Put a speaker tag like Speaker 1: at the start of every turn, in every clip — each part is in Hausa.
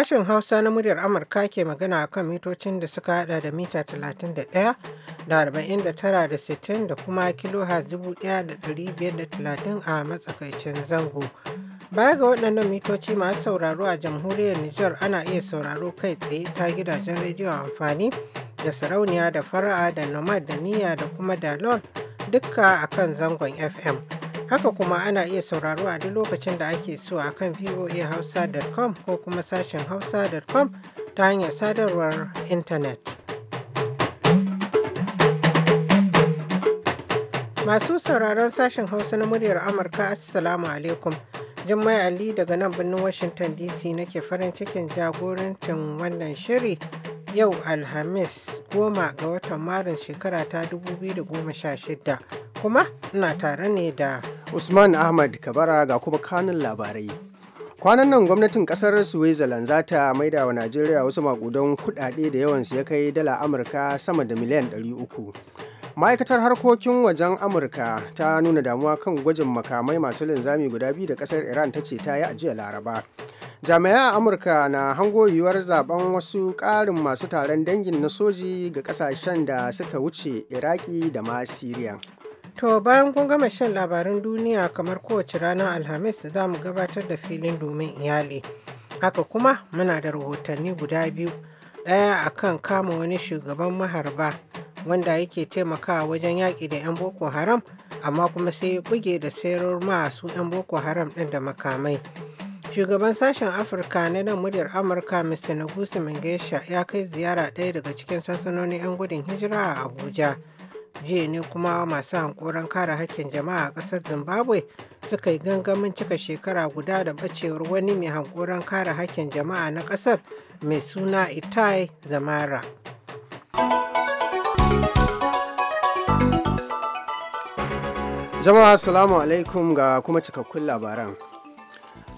Speaker 1: Sashen Hausa na muryar Amurka ke magana a kan mitocin da suka hada da mita 31 da 49 da 60 da kuma kilohertz 1530 a matsakaicin zango. Baya ga waɗannan mitoci masu sauraro a jamhuriyar Nijar ana iya sauraro kai tsaye ta gidajen rediyon amfani da sarauniya da fara'a da nomad da niyya da kuma dalon dukka a kan zangon FM. Haka kuma ana iya sauraro a duk lokacin da ake so a kan voahausa.com ko kuma sashen hausa.com ta hanyar sadarwar intanet. Masu sauraron sashen hausa na muryar Amurka Assalamu alaikum. Jummai Ali daga nan birnin Washington DC nake farin cikin jagorancin wannan shiri yau Alhamis goma ga watan Maris shekara ta 2016 kuma ina tare ne da
Speaker 2: Usman Ahmad Kabara ga kuma kanun labarai. Kwanan nan gwamnatin kasar Switzerland za ta maida wa Najeriya wasu makudan kudade da yawansu ya kai dala Amurka sama da miliyan 300. Ma'aikatar harkokin wajen Amurka ta nuna damuwa kan gwajin makamai masu linzami guda biyu da kasar Iran ta ce ta yi a jiya Laraba. jami'an amurka na hango yiwuwar zaben wasu ƙarin masu taron dangin na soji ga ƙasashen da suka wuce iraki da ma siriya
Speaker 1: To bayan kun gama shan labarin duniya kamar kowace ranar Alhamis za mu gabatar da filin domin iyali. Haka kuma muna da rahotanni guda biyu. Ɗaya a kan kama wani shugaban maharba wanda yake taimakawa wajen yaƙi da 'yan Boko Haram amma kuma sai buge da sayarwar masu 'yan Boko Haram ɗin da makamai. Shugaban sashen Afirka na nan muryar Amurka Mr. Nagusa Mengesha ya kai ziyara ɗaya daga cikin sansanonin 'yan gudun hijira a Abuja. jiya ne kuma masu hankoran kare hakkin jama'a a ƙasar zimbabwe suka yi gangamin cika shekara guda da bacewar wani mai hankoron kare hakkin jama'a na ƙasar mai suna itai
Speaker 2: zamara jama'a salamu alaikum ga kuma cikakkun labaran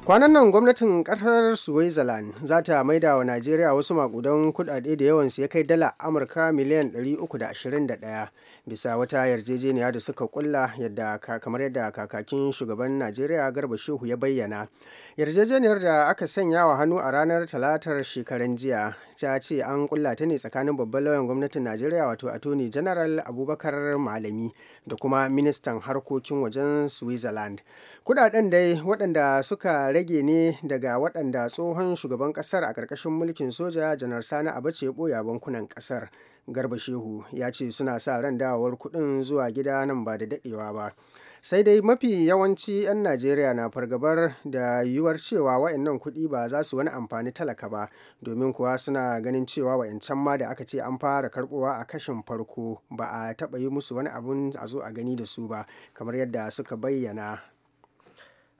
Speaker 2: kwanan nan gwamnatin kasar switzerland za ta maida wa najeriya wasu makudan kudade da yawansu ya kai dala amurka miliyan 321 bisa wata yarjejeniya da suka kulla yadda kamar yadda kakakin shugaban najeriya garba shehu ya bayyana yarjejeniyar da aka sanya wa hannu a ranar talatar shekaran jiya ta ce an kulla ta ne tsakanin babban lauyan gwamnatin najeriya wato attorney general abubakar malami da kuma ministan harkokin wajen switzerland kudaden dai waɗanda suka rage ne daga waɗanda tsohon shugaban ƙasar a ƙarƙashin mulkin soja janar sani abace ɓoya bankunan ƙasar garba shehu ya ce suna sa ran dawowar kuɗin zuwa gida nan ba da daɗewa ba sai dai mafi yawanci 'yan najeriya na fargabar da yiwuwar cewa wa'annan kuɗi ba za su wani amfani talaka ba domin kuwa suna ganin cewa wa'ancan ma da aka ce an fara karɓowa a kashin farko ba a taɓa yi musu wani abun a zo a gani da su ba kamar yadda suka bayyana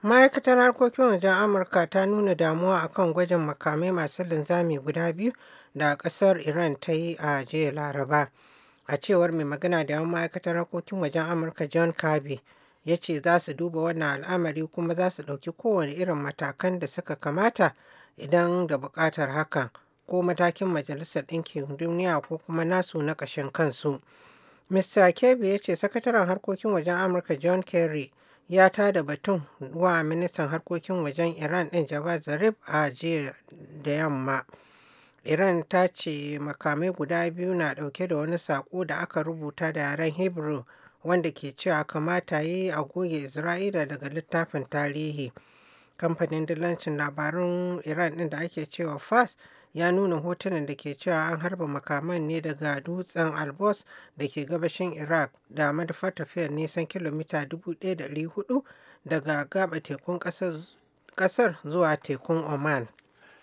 Speaker 1: ma'aikatar harkokin wajen amurka ta nuna damuwa akan gwajin makamai masu linzami guda biyu da ƙasar Iran ta yi a jiya Laraba. A cewar mai magana da yawan ma'aikatar harkokin wajen Amurka John Kirby ya ce za su duba wannan al'amari kuma za su ɗauki kowane irin matakan da suka kamata idan da buƙatar hakan ko matakin Majalisar Ɗinkin Duniya ko kuma nasu na ƙashin kansu. Mr. Kirby ya ce sakataren harkokin wajen Amurka John Kerry ya ta da batun wa ministan harkokin wajen Iran ɗin Javad Zarif a jiya da yamma. Iran ta ce makamai guda biyu na ɗauke da wani saƙo da aka rubuta da yaren Hebrew wanda ke cewa kamata yi a goge Isra'ila daga littafin tarihi. Kamfanin dillancin labarun Iran ɗin da ake cewa FAS ya nuna hotunan da ke cewa an harba makaman ne daga dutsen Albos da ke gabashin Iraq da madafar tafiyar nisan kilomita 1,400 daga gaba tekun ƙasar
Speaker 2: zuwa tekun Oman.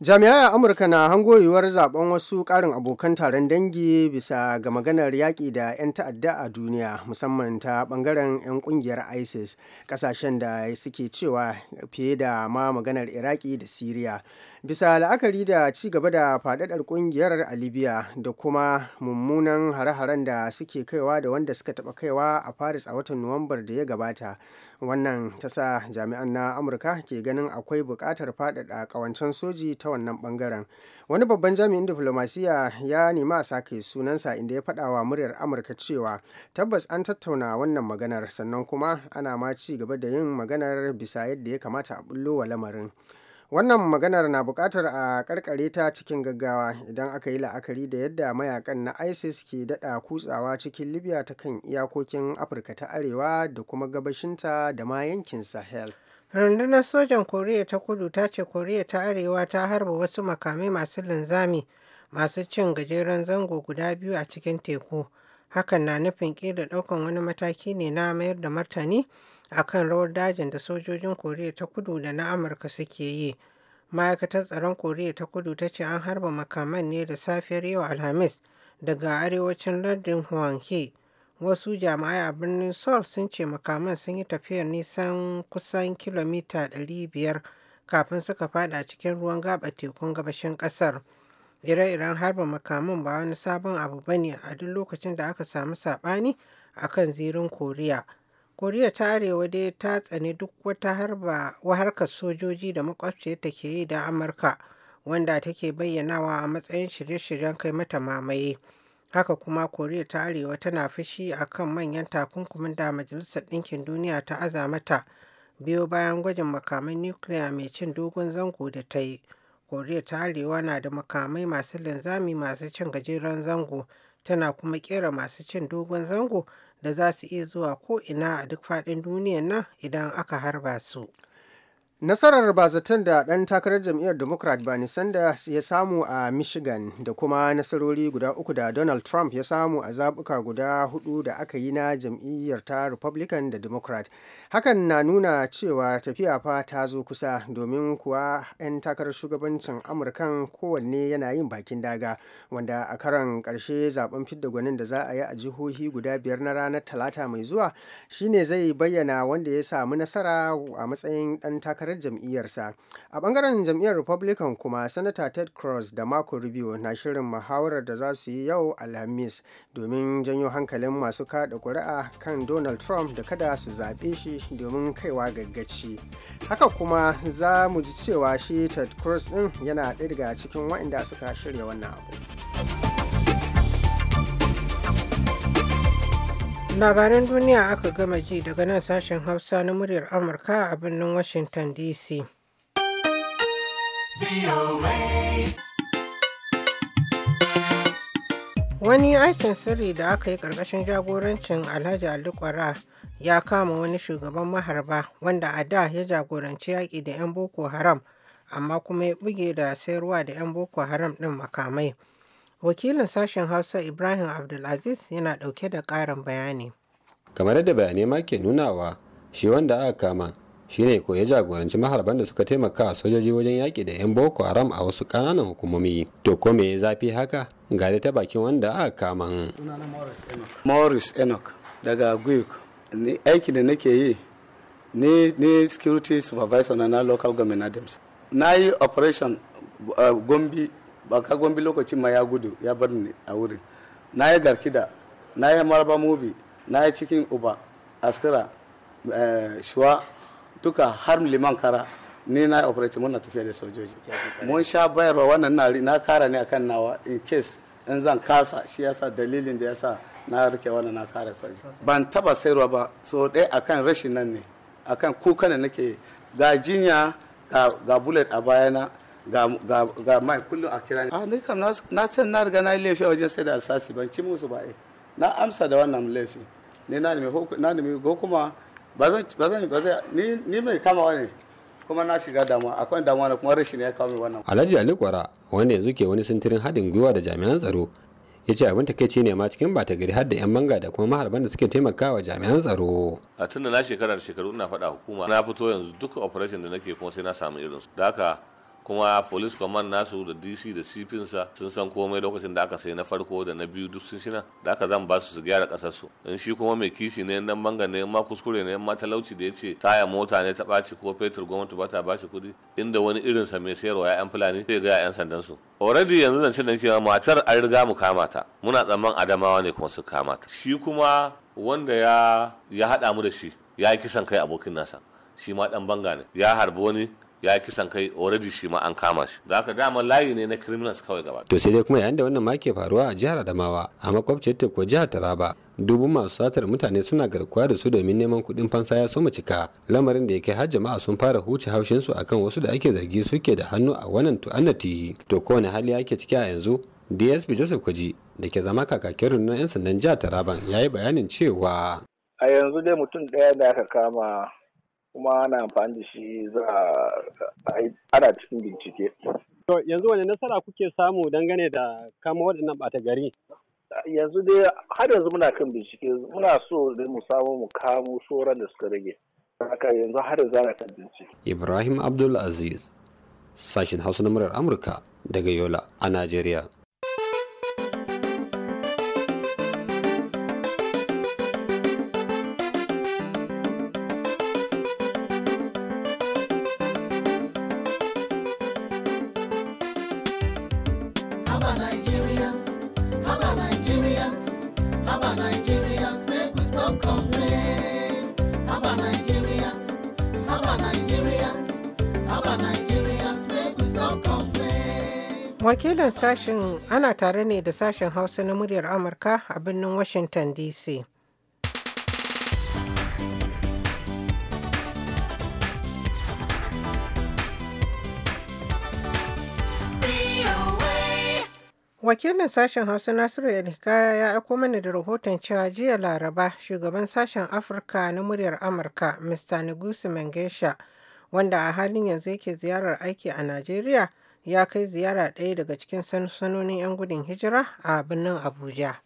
Speaker 2: jami'ai a amurka na hango yiwuwar zaben wasu karin abokan taron dangi bisa ga maganar yaƙi da 'yan ta'adda a duniya musamman ta bangaren 'yan kungiyar isis kasashen da suke cewa fiye da ma maganar iraki da syria bisa la'akari da ci gaba da faɗaɗar kungiyar a libya da kuma mummunan hare-haren da suke kaiwa da wanda suka taɓa kaiwa a paris a watan nuwambar da ya gabata wannan ta sa jami'an na amurka ke ganin akwai buƙatar faɗaɗa ƙawancen soji ta wannan bangaren wani babban jami'in diflomasiya ya nema a sake sunansa inda ya faɗa wa muryar amurka cewa tabbas an tattauna wannan maganar sannan kuma ana ma ci gaba da yin maganar bisa yadda ya kamata a bullo wa lamarin wannan maganar na bukatar a karkare ta cikin gaggawa idan aka yi la'akari da yadda mayakan na isis ke daɗa kutsawa cikin libya ta kan iyakokin afirka ta arewa da kuma gabashinta da ma yankin sahel rundunar
Speaker 1: sojan koriya ta kudu ta ce koriya ta arewa ta harba wasu makamai masu linzami masu cin gajeren zango guda biyu a cikin teku hakan na nufin ƙila ɗaukan wani mataki ne na mayar da martani a kan rawar dajin da sojojin koriya ta kudu da na amurka suke yi ma'aikatar tsaron koriya ta kudu ta ce an harba makaman ne da safiyar yau alhamis daga arewacin lardin hwanghe wasu jami'ai a birnin seoul sun ce makaman sun yi tafiyar nisan kusan kilomita 500 kafin suka fada cikin ruwan gaba tekun gabashin kasar ire-iren harba makaman ba wani sabon abu bane a duk lokacin da aka samu sabani akan zirin koriya koriya ta arewa dai ta tsani duk wata harba harkar sojoji da ta ke yi da amurka wanda take bayyanawa a matsayin shirye-shiryen kai mata mamaye haka kuma koriya ta arewa tana fushi kan manyan takunkumin da majalisar ɗinkin duniya ta aza mata biyo bayan gwajin makamai nukiliya mai cin dogon zango da ta yi koriya ta arewa na da makamai masu linzami masu cin gajeren zango tana kuma kera masu cin dogon zango
Speaker 2: da za su iya zuwa ko ina a duk faɗin duniyan nan idan aka harba su. nasarar bazaton da ɗan takarar jam'iyyar democrat bernie sanders ya samu a michigan da kuma nasarori guda uku da donald trump ya samu a zabuka guda hudu da aka yi na jam'iyyar ta republican da democrat hakan na nuna cewa tafiya fa ta zo kusa domin kuwa 'yan takarar shugabancin amurkan kowanne yana yin bakin daga wanda a karan karshe zaben fidda gwanin da za a yi a jihohi guda biyar na ranar talata mai zuwa shine zai bayyana wanda ya samu nasara a matsayin ɗan takarar takarar jam'iyyarsa a bangaren jam'iyyar republican kuma sanata ted cross da marco rubio na shirin muhawarar da za su yi yau alhamis domin janyo hankalin masu kada kuri'a kan donald trump da kada su zaɓe shi domin kaiwa gaggaci haka kuma za mu ji cewa shi ted cross ɗin yana ɗaya daga cikin waɗanda suka shirya wannan abu
Speaker 1: labaran duniya aka gama ji daga nan sashen hausa na muryar amurka a birnin washington dc wani aikin sirri da aka yi ƙarƙashin jagorancin alhaji alikwara ya kama wani shugaban maharba wanda a da ya jagoranci yaƙi da 'yan boko haram amma kuma ya buge da sayarwa da 'yan boko haram ɗin makamai Wakilin sashen Hausa Ibrahim Abdulaziz yana ɗauke da ƙarin bayani.
Speaker 3: Kamar yadda bayanai ma ke nunawa, shi wanda aka kama shi ne ko ya jagoranci maharban da suka taimaka sojoji wajen yaƙi da 'yan Boko Haram a wasu ƙananan hukumomi. To ko me zafi haka? Ga ta bakin wanda aka kama. Morris Enoch daga Guik. Aiki da nake yi ni ni security supervisor na na local government adams na yi operation uh, gombe ba ka gombi lokacin ma ya gudu ya bar ni a wurin na yi garkida na yi maraba mobi na yi cikin uba askara eh, shuwa duka har liman kara ni na operate muna tafiya da sojoji mun sha bayarwa wannan na na kara ne akan nawa in case in zan kasa shi yasa dalilin da yasa na rike wannan na kara sojoji ban taba sayarwa ba so dai akan rashin nan ne akan kuka ne nake ga jinya ga bullet a bayana ga mai kullum a kira ni a ah, ni kam na san na riga na yi laifi a wajen sai da alsasi ban ci musu ba eh na amsa da wannan laifi ne na nemi na nemi hukuma ba zan ba zan ba zan ni ni mai kama wani. kuma na shiga damuwa akwai damuwa na kuma rashin ya kawo wannan Alhaji Ali Kwara wanda yanzu ke wani sintirin haɗin gwiwa da jami'an tsaro ya ce abin takaici ne ma cikin bata gari har da 'yan manga da kuma maharban da suke taimakawa jami'an tsaro a tunda na shekarar shekaru ina faɗa hukuma na fito yanzu duk operation da nake kuma sai na samu irinsu da haka kuma police command nasu da dc da sifinsa sun san komai lokacin da aka sai na farko da na biyu duk sun shina da aka zan ba su su gyara kasar su in shi kuma mai kishi ne nan banga ne ma kuskure ne ma talauci da ya ce taya mota ne ta baci ko fetur gwamnati ba ta bashi kuɗi inda wani irinsa mai sayarwa ya'yan fulani zai ga 'yan sandan su already yanzu zance da kewa matar an riga mu kama ta muna tsamman adamawa ne kuma su kama ta shi kuma wanda ya ya haɗa mu da shi ya yi kisan kai abokin nasa shi ma ɗan banga ne ya harbi wani ya kisan kai already shi ma an kama shi da haka dama layi ne na criminals kawai gaba to sai dai kuma yayin da wannan ma ke faruwa a jihar Adamawa a makwabciyar teku jihar Taraba dubu masu satar mutane suna garkuwa da su domin neman kuɗin fansa ya soma cika lamarin da yake har jama'a sun fara huce haushin su akan wasu da ake zargi suke da hannu a wannan tu'annati to kowane hali ake ciki a yanzu DSP Joseph Kwaji da ke zama kakakin rundunar 'yan sandan jihar Taraban ya yi bayanin cewa a yanzu dai mutum ɗaya da aka kama kuma ana amfani da shi za ana cikin bincike. To yanzu wani nasara kuke samu dangane da kama waɗannan ɓata gari? Yanzu dai har yanzu muna kan bincike muna so da mu samu mu kamo sauran da suka rage. Haka yanzu har yanzu ana kan bincike. Ibrahim Abdul Aziz, sashin Hausa na murar Amurka daga Yola a Najeriya.
Speaker 1: wakilin sashen ana tare ne da sashen hausa na muryar amurka a birnin washington dc wakilin sashen hausa nasiru elhikaya ya aiko mana da rahoton cewa jiya laraba shugaban sashen afirka na muryar amurka mr ngusu mangesha wanda a halin yanzu yake ziyarar aiki a najeriya ya kai ziyara ɗaya daga cikin sansanonin 'yan gudun hijira a birnin Abuja.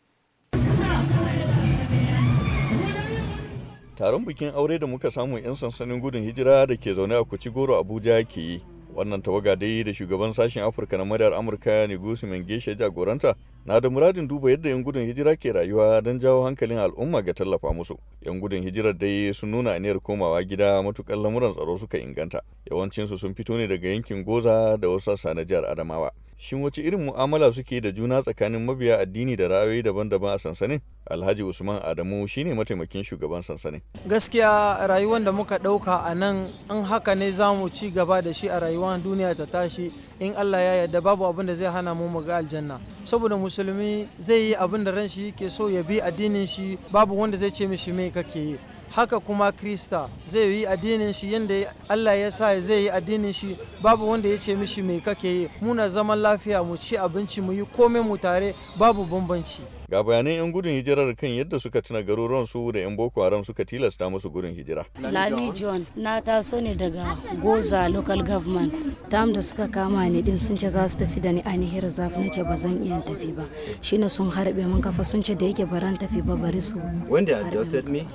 Speaker 4: Taron bikin aure da muka samu 'yan sansanin gudun hijira da ke zaune a kuci goro Abuja ke yi wannan tawaga dai da shugaban sashen afirka na madar amurka ne gusu mengesha jagoranta na da muradin duba yadda yan gudun hijira ke rayuwa don jawo hankalin al'umma ga tallafa musu yan gudun hijirar dai sun nuna aniyar komawa gida matukar lamuran tsaro suka inganta yawancinsu sun fito ne daga yankin goza da wasu sassa na jihar adamawa Shin wace irin mu'amala suke da juna tsakanin mabiya addini da ra'ayoyi daban-daban a sansanin? Alhaji Usman Adamu shine mataimakin shugaban sansanin.
Speaker 1: Gaskiya rayuwan da muka ɗauka a nan in haka ne za mu ci gaba da shi a rayuwar duniya ta tashi in Allah ya yarda babu abin da zai hana mu mu ga aljanna. Saboda musulmi zai yi abin da ran shi yake so ya bi addinin shi babu wanda zai ce mishi me kake yi. haka kuma krista zai yi addinin shi yadda allah ya sa zai yi addinin shi babu wanda ya ce mishi mai kake yi muna zaman lafiya mu ci abinci mu yi
Speaker 2: komai mu tare babu bambanci
Speaker 4: Ga bayanan 'yan gudun hijirar kan yadda suka tuna garuruwan su da 'yan Boko Haram suka tilasta musu gudun hijira. Lami
Speaker 2: John
Speaker 5: na taso ne daga Goza local government. Tam da suka kama ni din sun ce za su tafi da ni ainihin zafi na ce ba zan iya tafi ba. Shine sun harbe mun kafa sun ce da yake baran tafi ba bari su.
Speaker 4: Wanda adopted me?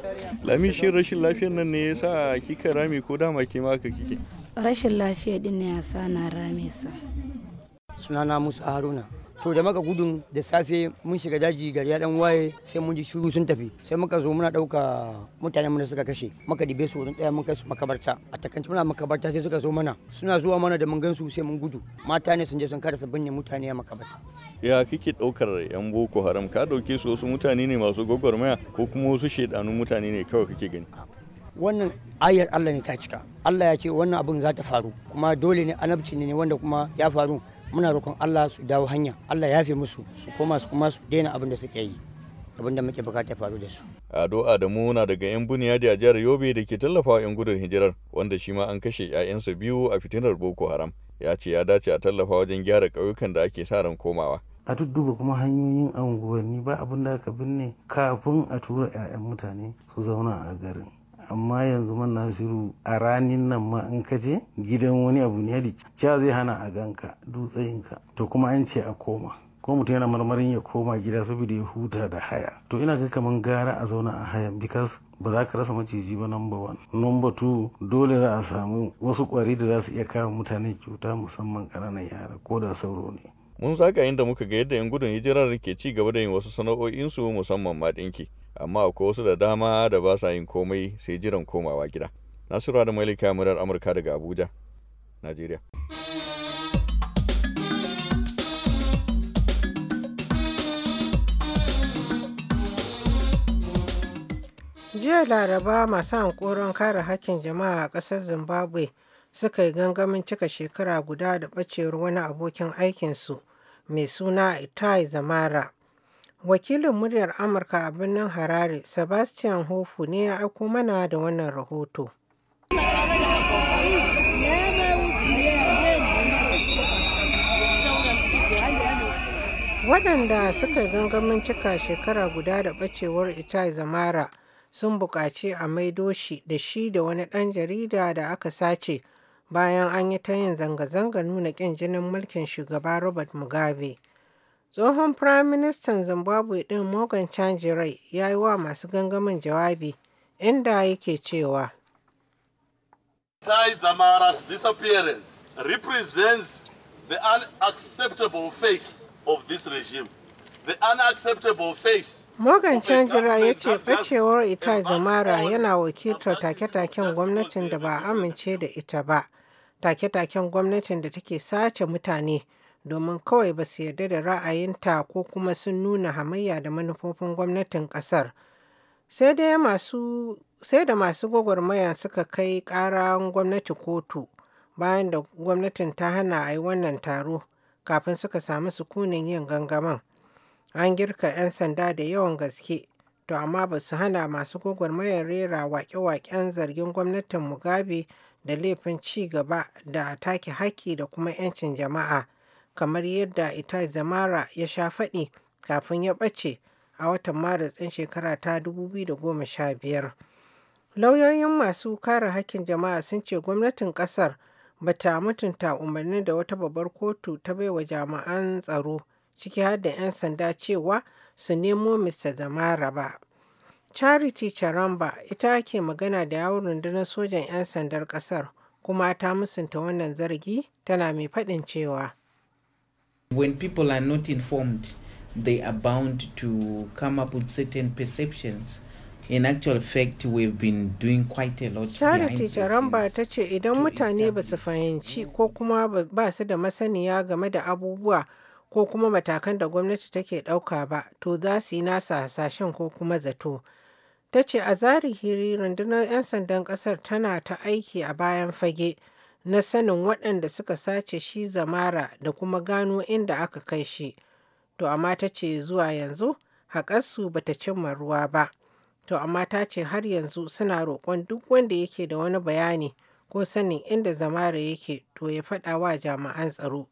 Speaker 4: Lami shi rashin lafiyar nan ne yasa kika rami ko dama ke ma ka kike.
Speaker 5: Rashin lafiya din ne yasa na rame sa.
Speaker 4: Sunana Musa Haruna.
Speaker 2: to da maka gudun da safe mun shiga daji gari ya dan waye sai mun ji shiru sun tafi sai muka zo muna dauka mutanen da suka kashe muka dibe su wurin daya mun kai su makabarta a takanci muna makabarta sai suka zo mana suna zuwa mana da mun gansu sai mun gudu mata ne sun je sun karasa binne mutane a makabarta
Speaker 4: ya kike daukar yan boko haram ka dauke su wasu mutane ne masu gwagwarmaya ko kuma wasu shedanun mutane ne kawai kake gani
Speaker 2: wannan ayar Allah ne ta cika Allah ya ce wannan abin za ta faru kuma dole ne anabci ne wanda kuma ya faru muna roƙon Allah su dawo hanya Allah ya fi musu su koma su kuma su daina abin da suke yi abin da muke bukata faru da su.
Speaker 4: Ado Adamu na daga 'yan bunyadi a jihar Yobe da ke tallafawa 'yan gudun hijirar wanda shi ma an kashe 'ya'yansa biyu a fitinar Boko Haram. Ya ce ya dace a tallafa wajen gyara ƙauyukan da ake sa ran komawa.
Speaker 2: A dudduba kuma hanyoyin unguwanni ba abin da aka binne kafin a tura 'ya'yan mutane su zauna a garin. amma yanzu man nasiru a ranin nan ma in ka je gidan wani abu ne da cewa zai hana a ganka dutsayinka to kuma an ce a koma
Speaker 3: ko mutum yana marmarin ya koma gida saboda ya huta da haya to ina ga kaman gara a zauna a hayan because ba za ka rasa maciji ba number one number two dole za a samu wasu kwari da za su iya kawo mutane cuta musamman ƙananan yara ko da sauro ne
Speaker 4: mun zaga inda muka ga yadda 'yan gudun hijirar ke ci gaba da yin wasu sana'o'insu musamman ma ɗinki amma akwai wasu da dama da ba sa yin komai sai jiran komawa gida nasiru da malika murar amurka daga abuja najeriya
Speaker 1: jiya laraba masu hankoron kare hakkin jama'a a ƙasar zimbabwe suka yi gangamin cika shekara guda da ɓacewar wani abokin aikinsu mai suna Itai Zamara. Wakilin muryar Amurka a birnin Harare, Sebastian Hofu ne ya aiko mana da wannan rahoto. Waɗanda suka gangamin cika shekara guda da ɓacewar Itai Zamara sun buƙaci a maido shi da shi da wani ɗan jarida da aka sace bayan an yi ta yin zanga zanga nuna ƙin jinin mulkin shugaba Robert Mugabe. Tsohon Firaministan Zimbabwe ɗin Morgan Tsvangirai ya yi wa masu gangamin jawabi inda yake cewa.
Speaker 4: Tai Zamara's the unacceptable face of this regime. The unacceptable face
Speaker 1: Morgan Chanjira ya ce ɓacewar ita zamara yana wakiltar take-taken gwamnatin da ba amince da ita ba take-taken gwamnatin da take sace mutane domin kawai ba su yarda da ra'ayinta ko kuma sun nuna hamayya da manufofin gwamnatin kasar sai da masu gwagwarmaya suka kai karan gwamnati kotu bayan da gwamnatin ta hana a yi wannan taro kafin suka samu sukunin yin gangaman. an girka 'yan sanda da yawan gaske to amma ba su hana masu gwagwarmayan rera wake-waken zargin gwamnatin mugabe da laifin ci gaba da take haƙƙi da kuma 'yancin jama'a kamar yadda Itai Zamara ya sha faɗi kafin ya ɓace a watan Maris ɗin shekara ta 2015. Lauyoyin masu kare haƙƙin jama'a sun ce gwamnatin ƙasar ba ta mutunta umarnin da wata babbar kotu ta baiwa jami'an tsaro ciki har da 'yan sanda cewa su nemo Mr. Zamara ba. Charity Charamba ita ke magana da yawun rundunar sojan 'yan sandar kasar kuma ta musunta wannan zargi tana mai faɗin cewa.
Speaker 2: When people are not
Speaker 5: informed, they are bound to come up with certain perceptions. In actual fact, we've been doing quite a lot. Charity Charamba
Speaker 1: ta ce idan mutane ba su fahimci ko kuma ba su da masaniya game da abubuwa ko kuma matakan da gwamnati take ɗauka ba, to za su yi nasa hasashen ko kuma zato. ta ce a zarihiri rundunar 'yan sandan kasar tana ta aiki a bayan fage na sanin waɗanda suka sace shi zamara da kuma gano inda aka kai shi to amma ta ce zuwa yanzu haƙarsu ta cimma ruwa ba to amma ta ce har yanzu suna roƙon duk wanda yake da wani bayani ko sanin inda zamara yake to ya faɗa wa jami'an tsaro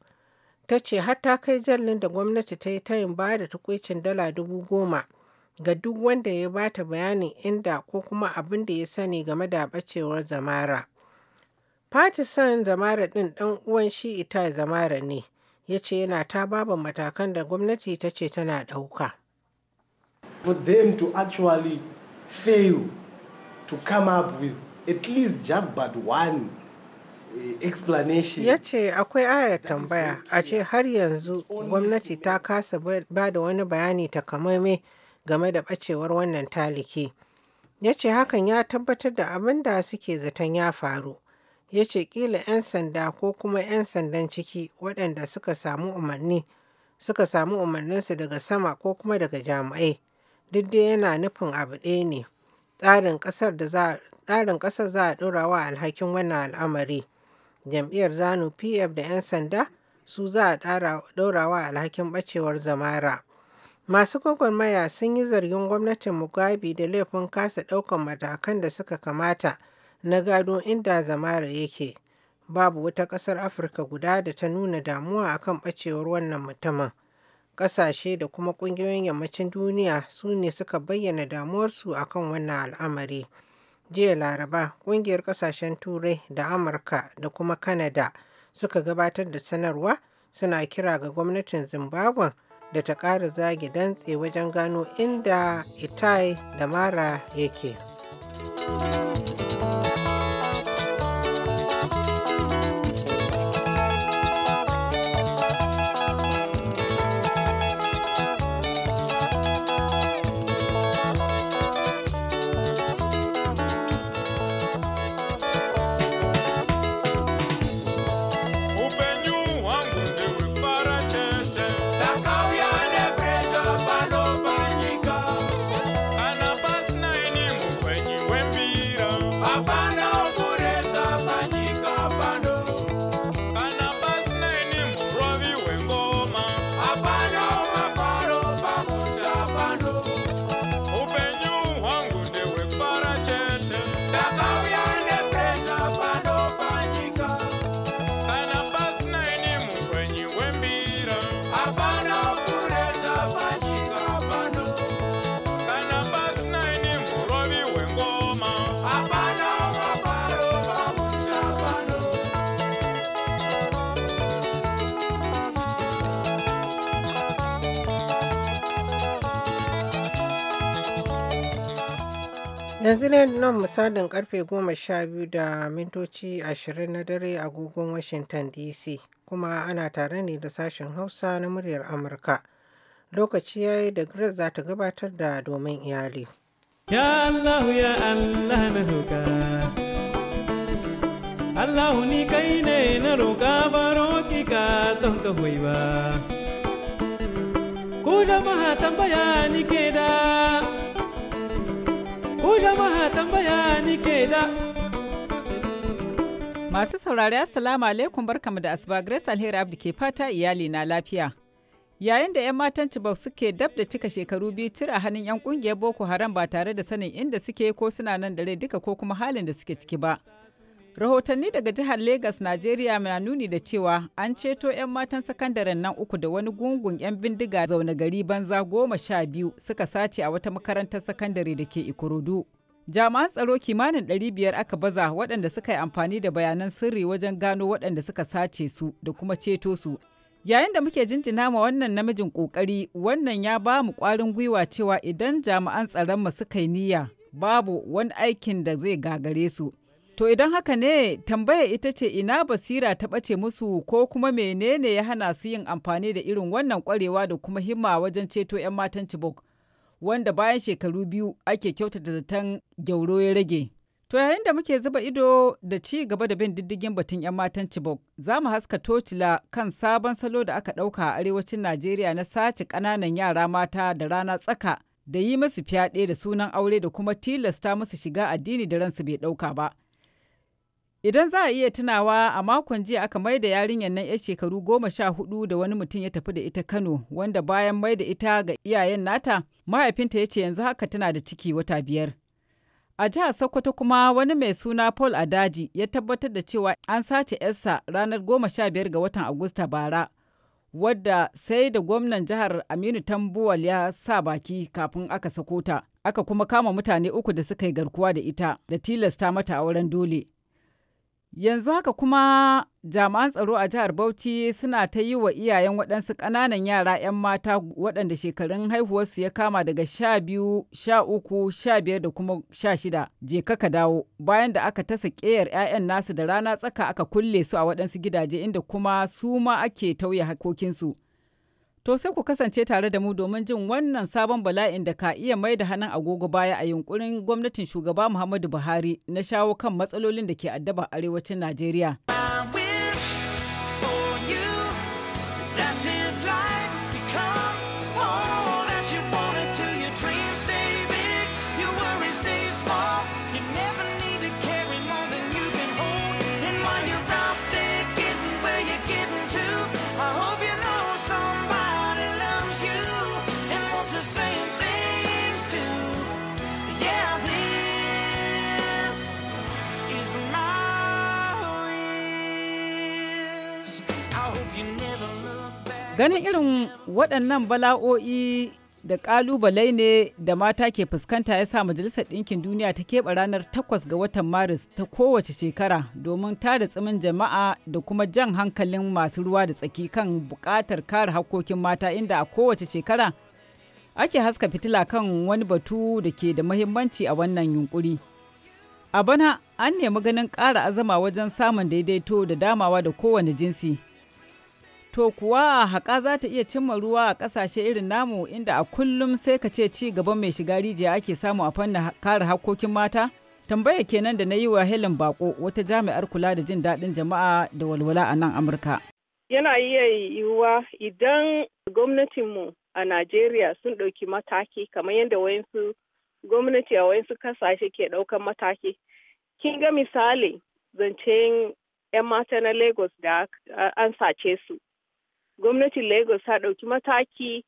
Speaker 1: ta ce har ta kai jallin da gwamnati ta yi tayin ba da tukwicin dala dubu goma ga duk wanda ya ba ta bayanin inda ko kuma abin da ya sani game da bacewar zamara. Patison zamara ɗin ɗan uwan shi ita zamara ne, ya ce yana ta babu matakan da gwamnati ta ce tana ɗauka.
Speaker 2: For them to actually fail to come up with at least just but one eh,
Speaker 3: Ya
Speaker 1: ce akwai ayar tambaya a ce har yanzu gwamnati ta kasa ba da wani bayani takamaimai game da ɓacewar wannan taliki. Ya ce hakan ya tabbatar da abin da suke zaton ya faru. Ya ce kila 'yan sanda ko kuma 'yan sandan ciki waɗanda suka samu umarni suka samu umarninsu daga sama ko kuma daga jami'ai. Duk dai yana nufin abu ɗaya ne. Tsarin ƙasar za a ɗora wa alhakin wannan al'amari. Jam'iyyar Zanu PF da 'yan sanda su za a ɗora wa alhakin bacewar zamara. Masu gwagwarmaya sun yi zargin gwamnatin Mugabe da laifin kasa ɗaukan matakan da suka kamata na gado inda Zamari yake. Babu wata ƙasar Afirka guda da ta nuna damuwa akan ɓacewar wannan mutumin. Ƙasashe da kuma ƙungiyoyin yammacin duniya su ne suka bayyana damuwarsu akan wannan al'amari. Jiya Laraba, ƙungiyar ƙasashen Turai da Amurka da kuma Kanada suka gabatar da sanarwa suna kira ga gwamnatin Zimbabwe da ta ƙara zagi dantse wajen gano inda itai da mara yake. yanzu ne nan misalin karfe goma sha biyu da mintoci ashirin na dare a agogon washington dc kuma ana tare ne da sashen hausa na muryar amurka lokaci ya yi da grace za ta gabatar da domin iyali
Speaker 3: ya allahu ya allah na roƙa allahu ni kai ne na roƙa baro ki ka don ka ba
Speaker 5: ku jama'a tambaya ni ke da jama'a tambaya ni ke da Masu saurari Assalamu alaikum barkamu da asuba Grace Alheri Abdi ke fata iyali na lafiya. Yayin da 'yan matan Chibok suke dab da cika shekaru biyu cire a hannun 'yan kungiyar Boko Haram ba tare da sanin inda suke ko suna nan da rai duka ko kuma halin da suke ciki ba. rahotanni daga jihar Legas Najeriya na nuni da cewa an ceto 'yan matan sakandaren nan uku da wani gungun 'yan bindiga zaune gari banza goma sha biyu suka sace a wata makarantar sakandare da ke Ikorodu. Jami'an tsaro kimanin 500 aka baza waɗanda suka yi amfani da bayanan sirri wajen gano waɗanda suka sace su da kuma ceto su. Yayin da muke jinjina ma wannan namijin ƙoƙari, wannan ya ba mu ƙwarin gwiwa cewa idan jami'an tsaron mu suka yi niyya, babu wani aikin da zai gagare su. To idan haka ne tambaya ita ce ina basira ta ɓace musu ko kuma menene ya hana su yin amfani da irin wannan kwarewa da kuma himma wajen ceto 'yan matan Chibok wanda bayan shekaru biyu ake kyautata zaton gyauro ya rage. To yayin da muke zuba ido da ci gaba da bin diddigin batun 'yan matan Chibok za mu haska tocila kan sabon salo da aka ɗauka a arewacin Najeriya na sace ƙananan yara mata da rana tsaka da yi musu fyaɗe da sunan aure da kuma tilasta musu shiga addini da ransu bai ɗauka ba. Idan za a iya tunawa a makon jiya aka mai da yarinyar nan 'yar shekaru goma sha hudu da wani mutum ya tafi da ita Kano wanda bayan mai da ita ga iyayen nata mahaifinta ya ce yanzu haka tana da ciki wata biyar. A jihar Sokoto kuma wani mai suna Paul Adaji ya tabbatar da cewa an sace 'yarsa ranar goma sha biyar ga watan Agusta bara. Wadda sai da gwamnan jihar Aminu Tambuwal ya sa baki kafin aka sako ta, aka kuma kama mutane uku da suka yi garkuwa da ita da tilasta mata auren dole. Yanzu haka kuma jami'an tsaro a jihar Bauchi suna ta yi wa iyayen waɗansu ƙananan yara 'yan mata waɗanda shekarun haihuwarsu ya kama daga sha biyu, sha uku, sha biyar da kuma sha shida je ka dawo bayan da aka tasa ƙeyar 'ya'yan nasu da rana tsaka aka kulle su a waɗansu gidaje inda kuma su ma ake tauye hakokinsu. To sai ku kasance tare da mu domin jin wannan sabon bala'in da ka iya mai da hannun agogo baya a yunkurin gwamnatin shugaba Muhammadu Buhari na shawo kan matsalolin da ke addaba arewacin Najeriya. Ganin irin waɗannan bala'o'i da ƙalubale ne da mata ke fuskanta ya sa Majalisar Ɗinkin Duniya ta keɓe ranar 8 ga watan Maris ta kowace shekara domin ta da tsimin jama'a da kuma jan hankalin masu ruwa da tsaki kan buƙatar kare hakkokin mata inda a kowace shekara ake haska fitila kan wani batu da ke da muhimmanci a wannan yunkuri. A bana an nemi ganin ƙara azama wajen samun daidaito da damawa da kowane jinsi. To kuwa haƙa za ta iya cimma ruwa a ƙasashe irin namu inda a kullum sai ka ce ci gaban mai shiga rijiya ake samu a fannin kare hakkokin mata? Tambaya kenan da na yi wa Helen Bako wata jami'ar kula da jin daɗin jama'a da walwala a nan Amurka.
Speaker 6: Yana iya yiwuwa idan gwamnatinmu a Najeriya sun ɗauki mataki kamar yadda wayansu gwamnati a wayansu kasashe ke ɗaukan mataki. Kin ga misali zancen 'yan mata na Lagos da an sace su. gwamnatin lagos ta ɗauki mataki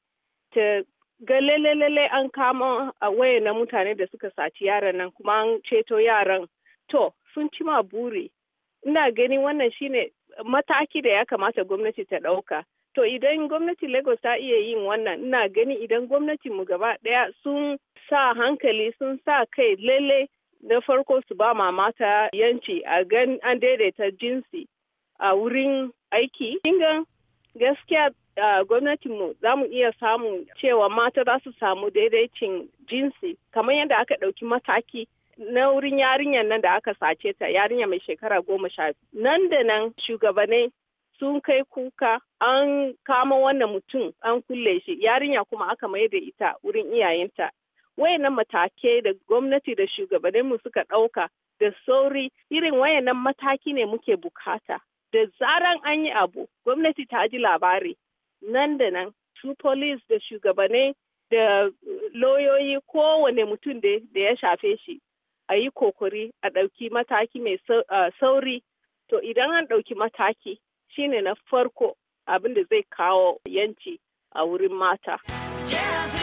Speaker 6: ta ga lalle an kama a waya na mutane da suka saci yaran nan kuma an ceto yaran to sun ci ma buri ina ganin wannan shine mataki da ya kamata gwamnati ta ɗauka to idan gwamnati lagos ta iya yin wannan ina gani idan gwamnati mu gaba ɗaya sun sa hankali sun sa kai lele na farko su ba ma mata yanci a gan an daidaita jinsi a wurin aiki. gaskiya gwamnatinmu za mu iya samun cewa mata za su samu daidaicin jinsi kamar yadda aka ɗauki mataki na wurin yarinyar nan da aka sace ta yarinya mai shekara goma sha nan da nan shugabanai sun kai kuka an kama wannan mutum an kulle shi yarinya kuma aka mai da ita wurin iyayenta wayannan matakai da gwamnati da shugabanninmu suka ɗauka da sauri irin wayannan mataki ne muke bukata da zaran an yi abu gwamnati ta ji labari nan da nan su police da shugabanni da loyoyi kowane mutum da ya shafe shi a yi kokari a ɗauki mataki mai sauri to idan an ɗauki mataki shine na farko abin da zai kawo yanci a wurin mata. Yeah,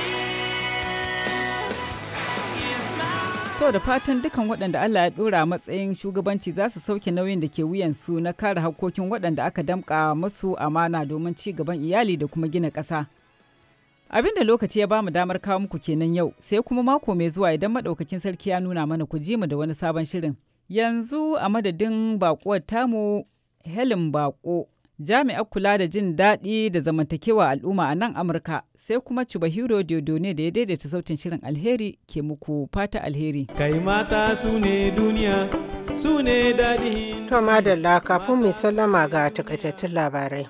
Speaker 6: To da
Speaker 5: fatan dukan waɗanda Allah ya ɗora matsayin shugabanci za su sauke nauyin da ke wuyansu na kare hakkokin waɗanda aka damƙa masu amana domin ci gaban iyali da kuma gina ƙasa. Abin da lokaci ya bamu damar kawo muku kenan yau sai kuma mako mai zuwa idan maɗaukakin sarki ya nuna mana ku ji mu da wani sabon shirin. Yanzu a madadin baƙuwar tamu Helen Bako jami'ar kula da jin daɗi da zamantakewa al'umma a nan amurka sai kuma cibahiro ne da ya daidaita sautin shirin alheri ke muku fata alheri kai mata su ne duniya su ne
Speaker 1: daɗi to madalla kafin mai sallama
Speaker 2: ga takaitattun labarai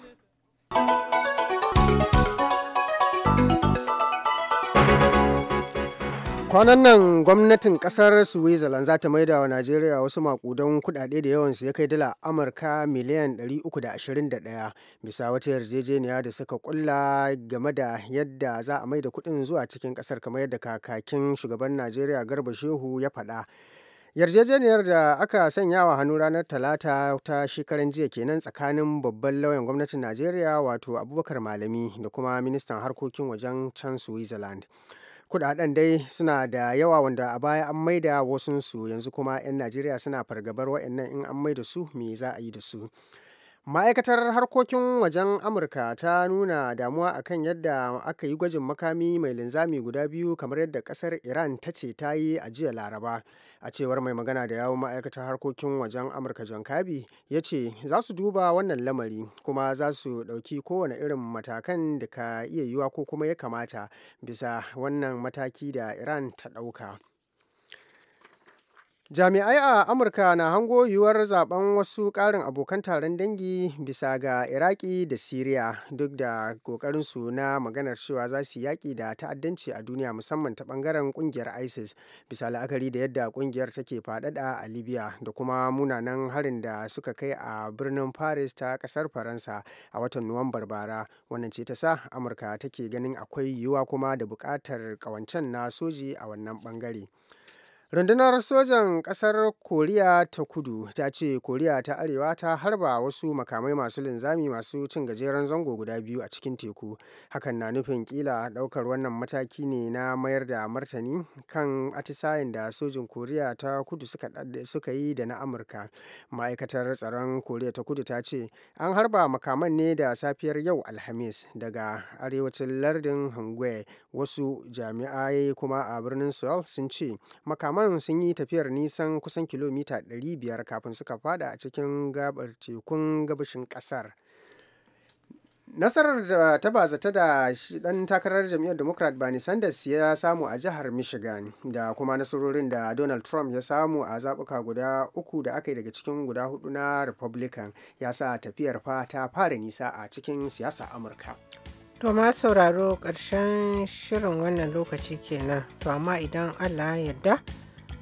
Speaker 2: kwanan nan gwamnatin kasar switzerland za ta maida wa najeriya wasu makudan kudade da yawansu ya kai dala amurka miliyan 321 bisa wata yarjejeniya da suka kulla game da yadda za a maida kudin zuwa cikin kasar kamar yadda kakakin shugaban najeriya garba shehu ya fada yarjejeniyar da aka sanya wa hannu ranar talata ta shekaran jiya kenan tsakanin babban lauyan gwamnatin najeriya wato abubakar malami da kuma ministan harkokin wajen can switzerland kudaden dai suna da yawa wanda a baya an maida wasunsu yanzu kuma 'yan najeriya suna fargabar nan in an maida su me za a yi da su ma'aikatar harkokin wajen amurka ta nuna damuwa akan yadda aka yi gwajin makami mai linzami guda biyu kamar yadda kasar iran ta ce ta yi a jiya laraba a cewar mai magana da yawun ma'aikatar harkokin wajen amurka john kabi ya ce za su duba wannan lamari kuma za su ɗauki kowane irin matakan da ka iya yiwa ko kuma ya kamata bisa wannan mataki da iran ta ɗauka Jami'ai a Amurka na hango yiwuwar zaben wasu ƙarin abokan taron dangi bisa ga Iraki da Siriya duk da ƙoƙarinsu na maganar cewa za su yaƙi da ta'addanci a duniya musamman ta ɓangaren ƙungiyar ISIS bisa la'akari da yadda ƙungiyar take faɗaɗa a Libya da kuma munanan harin da suka kai a birnin Paris ta ƙasar Faransa a watan Nuwambar bara wannan ce ta sa Amurka take ganin akwai yiwuwa kuma da buƙatar ƙawancen na soji a wannan bangare. rundunar sojan kasar koriya ta kudu ta ce koriya ta arewa ta harba wasu makamai masu linzami masu cin gajeren zango guda biyu a cikin teku hakan na nufin kila daukar wannan mataki ne na mayar da martani kan atisayen da sojin koriya ta kudu suka, yi da na amurka ma'aikatar tsaron koriya ta kudu ta ce an harba makaman ne da safiyar yau alhamis daga arewacin lardin hangwe wasu jami'ai kuma a birnin seoul sun ce makaman man sun yi tafiyar nisan kusan kilomita 500 kafin suka fada a cikin gabar tekun gabashin kasar Nasarar da ta bazata da dan takarar jam'iyyar Democrat Bernie Sanders ya samu a jihar Michigan da kuma nasarorin da Donald Trump ya samu a zabuka guda uku da aka yi daga cikin guda hudu na Republican ya sa tafiyar fa ta fara nisa a cikin siyasa Amurka. To ma sauraro
Speaker 1: karshen shirin wannan lokaci kenan, to amma idan Allah ya yarda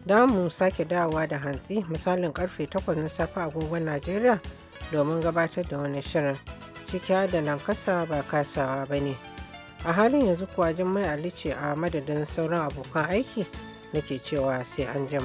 Speaker 1: da mu sake dawowa da hantsi misalin karfe 8 na safe agogon najeriya domin gabatar da wani shirin ciki da lankasa ba kasawa ba ne a halin yanzu kuwa jin mai alice a madadin sauran abokan aiki nake cewa sai an